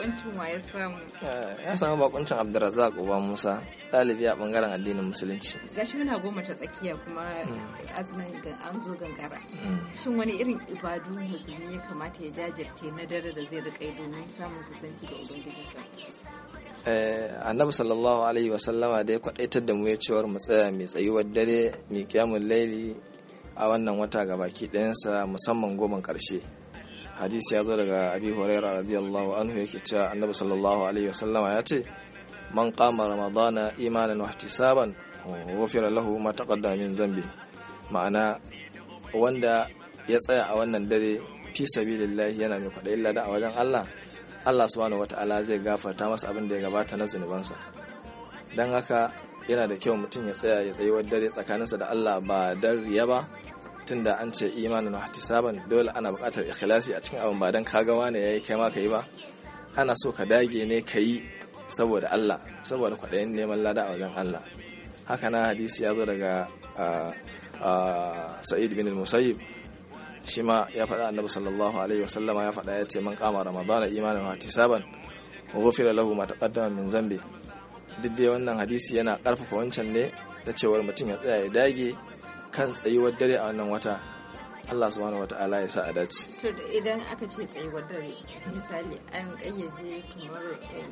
bakuncin wa ya samu eh, ya samu bakuncin abdulrazak uba musa ɗalibi a bangaren addinin musulunci shi muna goma ta tsakiya kuma hmm. azumin an zo gangara hmm. shin wani irin ibadu musulmi ya kamata ya jajirce na dare da zai riƙa domin samun kusanci da Eh, annabi sallallahu alaihi sallama da ya kwadaitar da mu ya cewar mu tsaya mai tsayuwar dare mai kyamun laili a wannan wata ga baki ɗayansa musamman goman ƙarshe hadisi ya zo daga abi huraira radiyallahu anhu yake cewa annabi sallallahu alaihi wasallama ya ce man qama ramadana imanin wa ihtisaban ghufira lahu ma taqaddama min zambi ma'ana wanda ya tsaya a wannan dare fi sabilillahi yana mai illa lada a wajen Allah Allah subhanahu wata'ala zai gafarta masa abin da ya gabata na zunubansa don haka yana da kyau mutum ya tsaya ya tsayi dare tsakaninsa da Allah ba dan riya ba da an ce imanin ihtisaban dole ana buƙatar ikhlasi a cikin abin ba dan kaga ya yayi kai ma kai ba ana so ka dage ne ka yi saboda Allah saboda kwaɗayin neman lada a wajen Allah haka na hadisi ya zo daga sa'id bin musayyib shi ma ya faɗa annabi sallallahu alaihi wasallama ya faɗa ya ce man kama ramadana imanin hatisaban ghufira lahu ma taqaddama min zambi duk dai wannan hadisi yana karfafa wancan ne ta cewar mutum ya tsaya ya dage kan tsayuwar dare a wannan wata Allah subhanahu Ta'ala ya sa a dace. To idan aka ce tsayuwar dare misali an kayyaje kamar eh,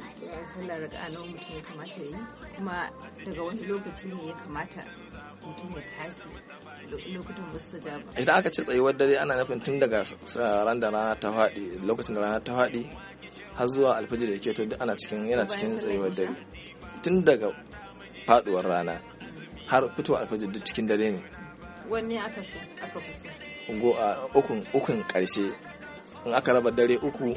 sallar raka'a nawa mutum ya kamata yi kuma daga wani lokaci ne ya kamata mutum ya tashi lokutan wasu jaba. Idan aka ce tsayuwar dare ana nufin tun daga ran da rana ta faɗi lokacin da rana ta faɗi har zuwa alfajir da ke to duk ana cikin yana cikin tsayuwar dare tun daga faduwar rana har fitowar alfajir duk cikin dare ne. Wani aka aka fi so uh, ukun ukun karshe in aka raba dare uku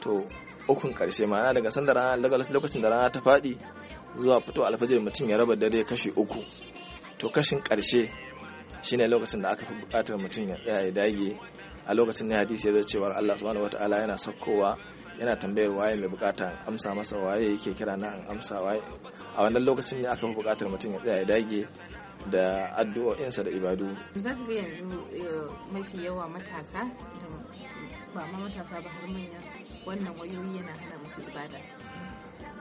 to ukun karshe ma'ana daga sanda rana daga lokacin da rana ta faɗi zuwa fito alfajir mutum ya raba dare kashi uku to kashin karshe shine lokacin da aka fi buƙatar mutum ya tsaya ya dage a lokacin ne hadisi ya zo cewa Allah subhanahu wataala yana sakkowa, yana tambayar waye mai bukata amsa masa waye yake kira na amsa waye a wannan lokacin ne aka fi bukatar mutum ya tsaya ya dage da addu'o'insa da ibadu. Zan ka yanzu eh, mafi yawa matasa da ba ma matasa ba har manya wannan wayoyi yana hana musu ibada.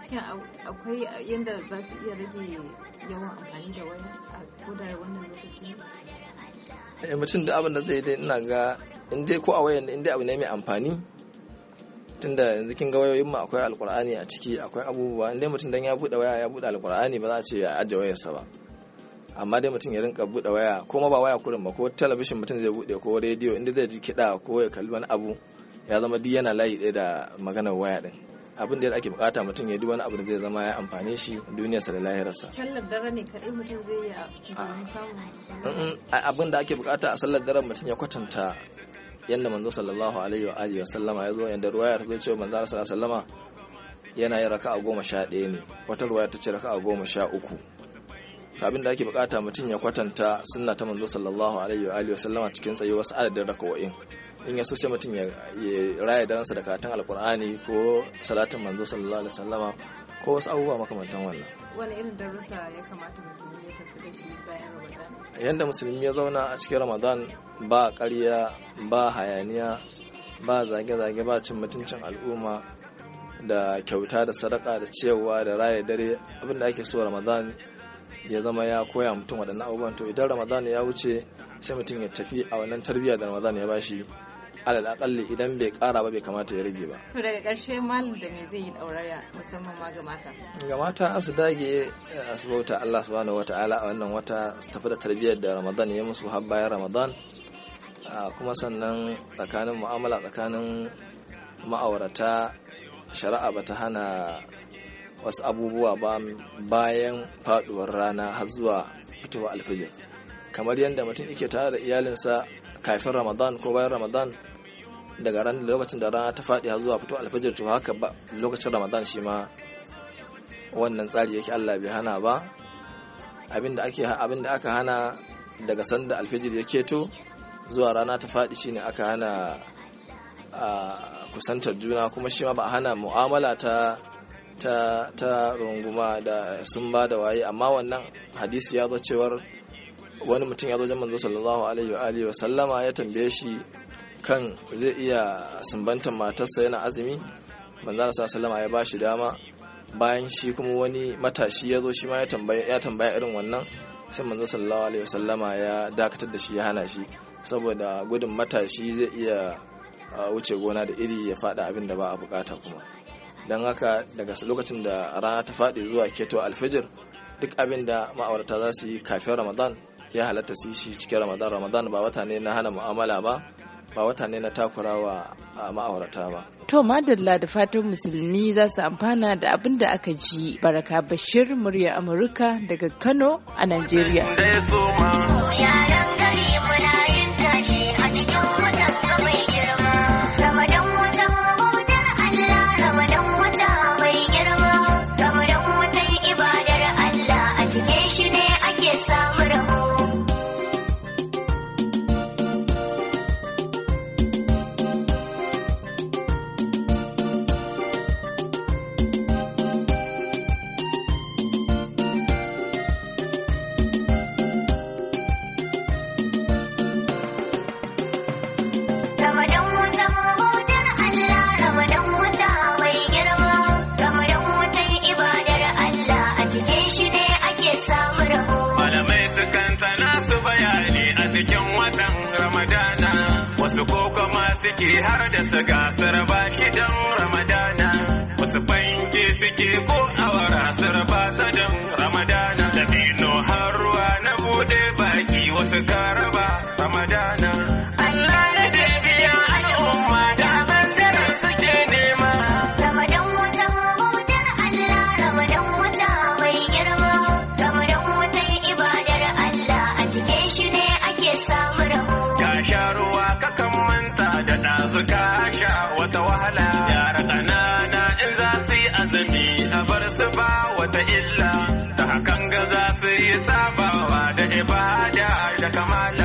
Shin akwai yadda za su iya rage yawan amfani da waya a koda wannan lokaci? Eh, mutum da abin da zai dai ina ga in dai ko a wayan in dai abu ne mai amfani tunda yanzu kin ga wayoyin mu akwai alkur'ani a ciki akwai abubuwa in dai mutum dan ya bude waya ya bude alkur'ani ba za a ce ya ajiye wayarsa ba amma dai mutum ya rinka bude waya ma ba waya kurin ba ko talabishin mutum zai bude ko rediyo inda zai ji kiɗa ko ya kalli wani abu ya zama duk yana layi ɗaya da maganar waya din abin da ake bukata mutum ya duk wani abu da zai zama ya amfani shi duniya sa da lahirarsa sallar dare ne kadai mutum zai yi abin da ake bukata a sallar dare mutum ya kwatanta yadda manzo sallallahu alaihi wa alihi wa sallama ya zo yadda ruwaya ta zo cewa manzo sallallahu alaihi wa sallama yana yin raka'a goma sha ɗaya ne wata ruwaya ta ce raka'a goma sha uku abin da ake bukata mutum ya kwatanta sunna ta manzo sallallahu alaihi wa alihi wa sallama cikin tsaye wasu adadin raka'o'in in ya so sai mutum ya raya dansa da karatun Alqur'ani ko salatin manzo sallallahu alaihi sallama ko wasu abubuwa makamantan wannan wani irin darussa ya kamata musulmi ya tafi da shi bayan ramadan yanda musulmi ya zauna a cikin ramadan ba ƙarya ba hayaniya ba zage-zage ba cin mutuncin al'umma da kyauta da sadaka da ciyarwa da raya dare abinda ake so ramadan ya zama ya koya mutum waɗannan abubuwan to idan ramadan ya wuce sai mutum ya tafi a wannan tarbiyya da ramadan ya bashi alal akalli idan bai kara ba bai kamata ya rage ba to daga karshe malam da me zai yi dauraya musamman ma ga mata ga mata su dage eh, su bauta Allah subhanahu wataala a wannan wata su tafi da tarbiyyar da ramadan ya musu har bayan ramadan ah, kuma sannan tsakanin mu'amala tsakanin ma'aurata shari'a ba ta hana wasu abubuwa ba bayan faduwar rana har zuwa fitowar alfijir kamar yadda mutum yake tare da iyalinsa kafin ramadan ko bayan ramadan daga ran lokacin da rana ta faɗi har zuwa fito alfijir to haka ba lokacin ramadan shi ma wannan tsari yake allah bai hana ba abinda ake aka hana daga sanda alfijir ya keto zuwa rana ta faɗi shine aka hana a ah, kusantar juna kuma shi ma ba hana mu'amala ta ta, runguma da sun ba da waye amma wannan hadisi ya zo cewar wani mutum ya zo jan manzo sallallahu alaihi wa wa sallama ya tambaye shi kan zai iya sumbantar matarsa yana azumi manzo sallallahu sallama ya bashi dama bayan shi kuma wani matashi ya zo shi ma ya tambaya irin wannan sai manzo sallallahu alaihi wa sallama ya dakatar da shi ya hana shi saboda gudun matashi zai iya uh, wuce gona da iri ya fada abin da ba a bukata kuma don haka daga lokacin da rana ta faɗi zuwa keto alfijir duk abin da ma'aurata za su yi kafin ramadan ya halatta su shi cikin ramadan ramadan ba wata ne na hana mu'amala ba ba wata ne na takura wa ma'aurata ba to madalla da fatan musulmi za su amfana da abin da aka ji baraka bashir murya amurka daga kano a nigeria ramadana wasu ko suke har da su gasar ba shi ramadana wasu fanke suke ko awara sarba ta dan ramadana da har ruwa na bude baki wasu kara my life.